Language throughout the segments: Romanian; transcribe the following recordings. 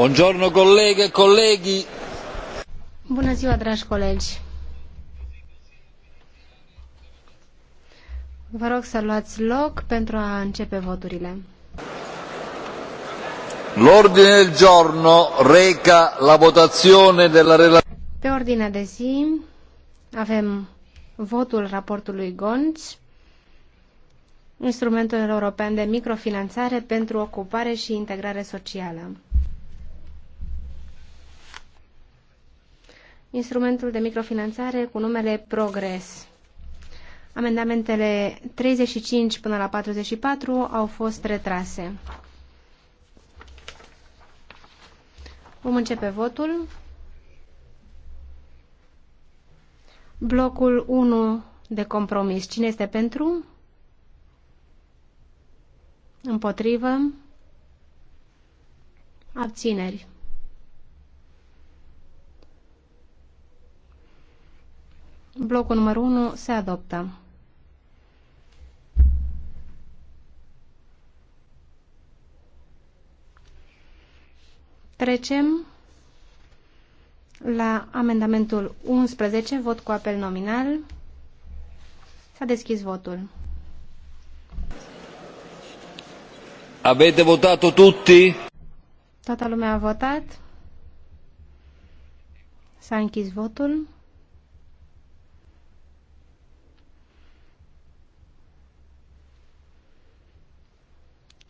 Buongiorno colleghe e colleghi. Bună ziua, dragi colegi. Vă rog să luați loc pentru a începe voturile. L'ordine del giorno reca la votazione della relazione. Pe ordine de zi avem votul raportului Gonci, instrumentul european de microfinanțare pentru ocupare și integrare socială. instrumentul de microfinanțare cu numele Progres. Amendamentele 35 până la 44 au fost retrase. Vom începe votul. Blocul 1 de compromis. Cine este pentru? Împotrivă? Abțineri. Blocul numărul 1 se adoptă. Trecem la amendamentul 11, vot cu apel nominal. S-a deschis votul. Avete votat tutti? Toată lumea a votat. S-a închis votul.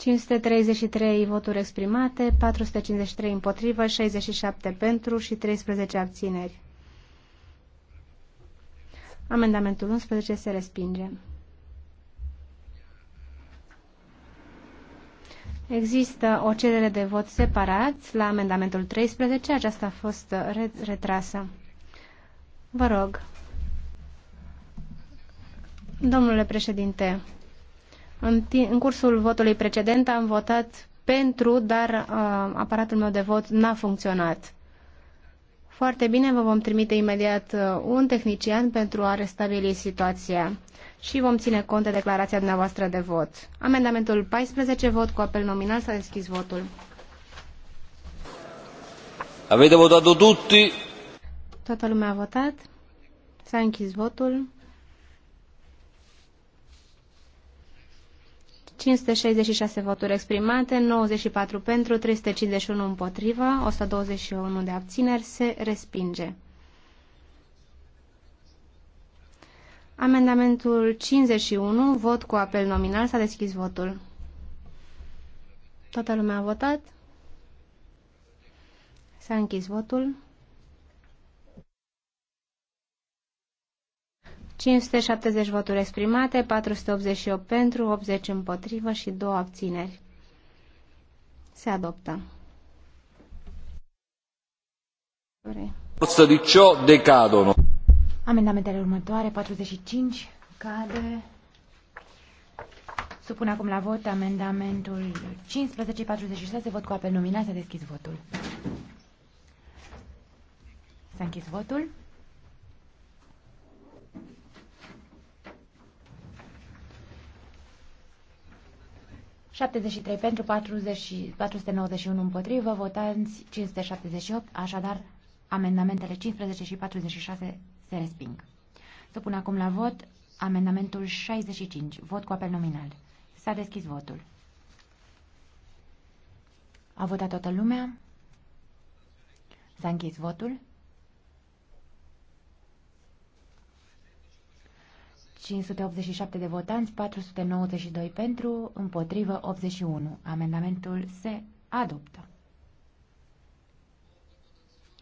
533 voturi exprimate, 453 împotrivă, 67 pentru și 13 abțineri. Amendamentul 11 se respinge. Există o cerere de vot separat la amendamentul 13. Aceasta a fost retrasă. Vă rog. Domnule președinte, în, în cursul votului precedent am votat pentru, dar uh, aparatul meu de vot n-a funcționat. Foarte bine, vă vom trimite imediat uh, un tehnician pentru a restabili situația și vom ține cont de declarația dumneavoastră de vot. Amendamentul 14, vot cu apel nominal, s-a deschis votul. Avete votat tutti? Toată lumea a votat. S-a închis votul. 566 voturi exprimate, 94 pentru, 351 împotrivă, 121 de abțineri, se respinge. Amendamentul 51, vot cu apel nominal, s-a deschis votul. Toată lumea a votat? S-a închis votul. 570 voturi exprimate, 488 pentru, 80 împotrivă și 2 abțineri. Se adoptă. Forță de ciò decadono. Amendamentele următoare, 45, cade. Supun acum la vot amendamentul 1546, vot cu apel nominal, s-a deschis votul. S-a închis votul. 73 pentru 40, 491 împotrivă, votanți 578, așadar amendamentele 15 și 46 se resping. Să pun acum la vot amendamentul 65, vot cu apel nominal. S-a deschis votul. A votat toată lumea. S-a închis votul. 587 de votanți, 492 pentru, împotrivă 81. Amendamentul se adoptă.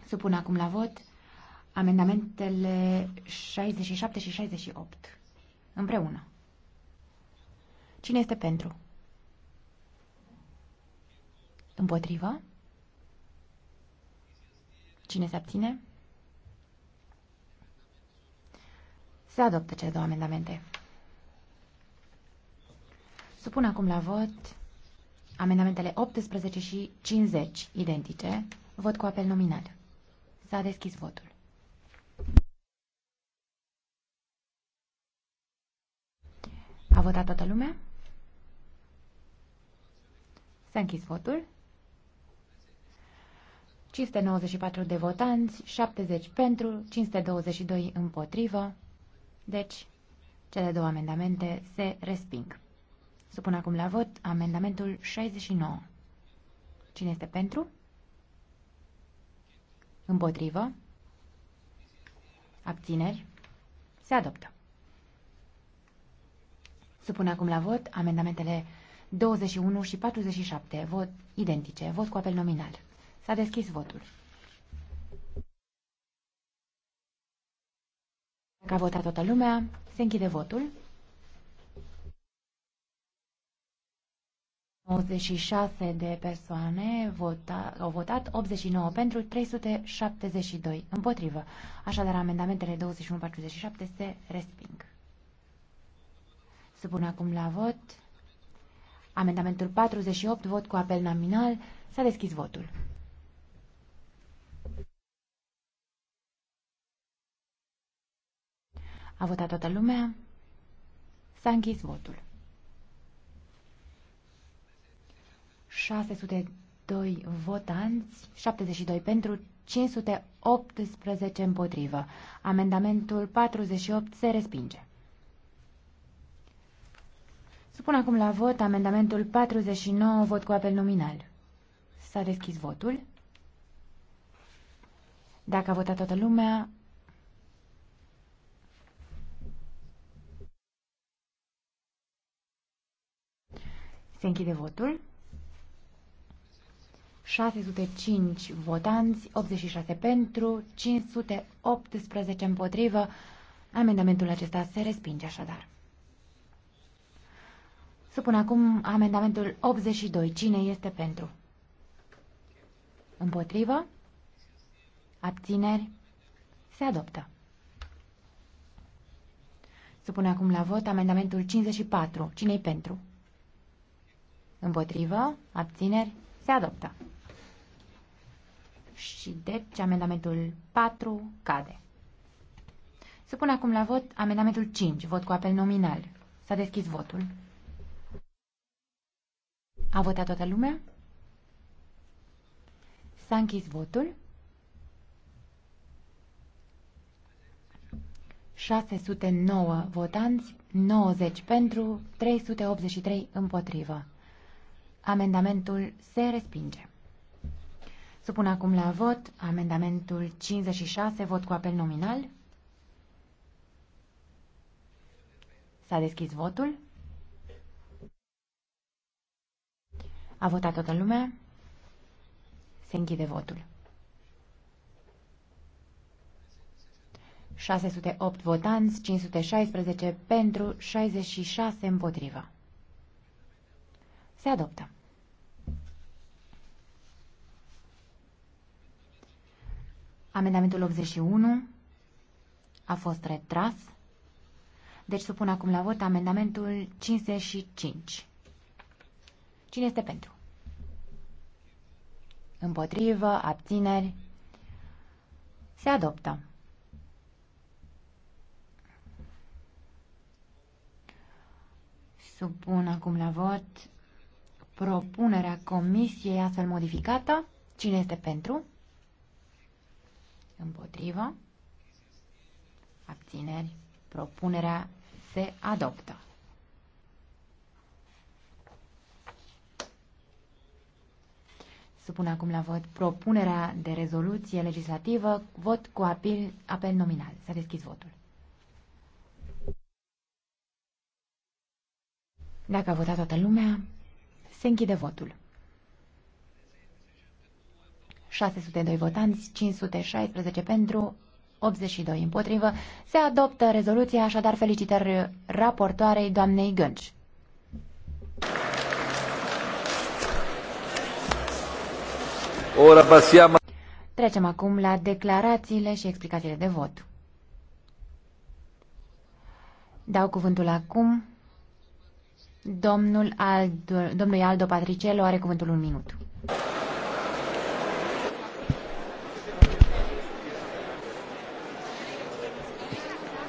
Supun acum la vot amendamentele 67 și 68 împreună. Cine este pentru? Împotrivă? Cine se abține? Se adoptă cele două amendamente. Supun acum la vot amendamentele 18 și 50 identice. Vot cu apel nominal. S-a deschis votul. A votat toată lumea? S-a închis votul. 594 de votanți, 70 pentru, 522 împotrivă. Deci, cele două amendamente se resping. Supun acum la vot amendamentul 69. Cine este pentru? Împotrivă? Abțineri? Se adoptă. Supun acum la vot amendamentele 21 și 47, vot identice, vot cu apel nominal. S-a deschis votul. A votat toată lumea. Se închide votul. 96 de persoane vota, au votat, 89 pentru, 372 împotrivă. Așadar, amendamentele 21-47 se resping. Supun acum la vot amendamentul 48, vot cu apel nominal. S-a deschis votul. A votat toată lumea? S-a închis votul. 602 votanți, 72 pentru, 518 împotrivă. Amendamentul 48 se respinge. Supun acum la vot amendamentul 49, vot cu apel nominal. S-a deschis votul. Dacă a votat toată lumea, Se închide votul. 605 votanți, 86 pentru, 518 împotrivă. Amendamentul acesta se respinge așadar. Supun acum amendamentul 82. Cine este pentru? Împotrivă? Abțineri? Se adoptă. Supun acum la vot amendamentul 54. Cine-i pentru? Împotrivă? Abțineri? Se adoptă. Și deci amendamentul 4 cade. Supun acum la vot amendamentul 5, vot cu apel nominal. S-a deschis votul. A votat toată lumea? S-a închis votul. 609 votanți, 90 pentru, 383 împotrivă. Amendamentul se respinge. Supun acum la vot amendamentul 56, vot cu apel nominal. S-a deschis votul. A votat toată lumea. Se închide votul. 608 votanți, 516 pentru, 66 împotrivă. Se adoptă. Amendamentul 81 a fost retras. Deci supun acum la vot amendamentul 55. Cine este pentru? Împotrivă, abțineri. Se adoptă. Supun acum la vot propunerea comisiei astfel modificată. Cine este pentru? Împotrivă. Abțineri. Propunerea se adoptă. Supun acum la vot propunerea de rezoluție legislativă, vot cu apel, apel nominal. S-a deschis votul. Dacă a votat toată lumea, se închide votul. 602 votanți, 516 pentru, 82 împotrivă. Se adoptă rezoluția, așadar felicitări raportoarei doamnei Gânci. Ora pasiamo. Trecem acum la declarațiile și explicațiile de vot. Dau cuvântul acum Domnul Aldo, domnului Aldo Patricello are cuvântul un minut.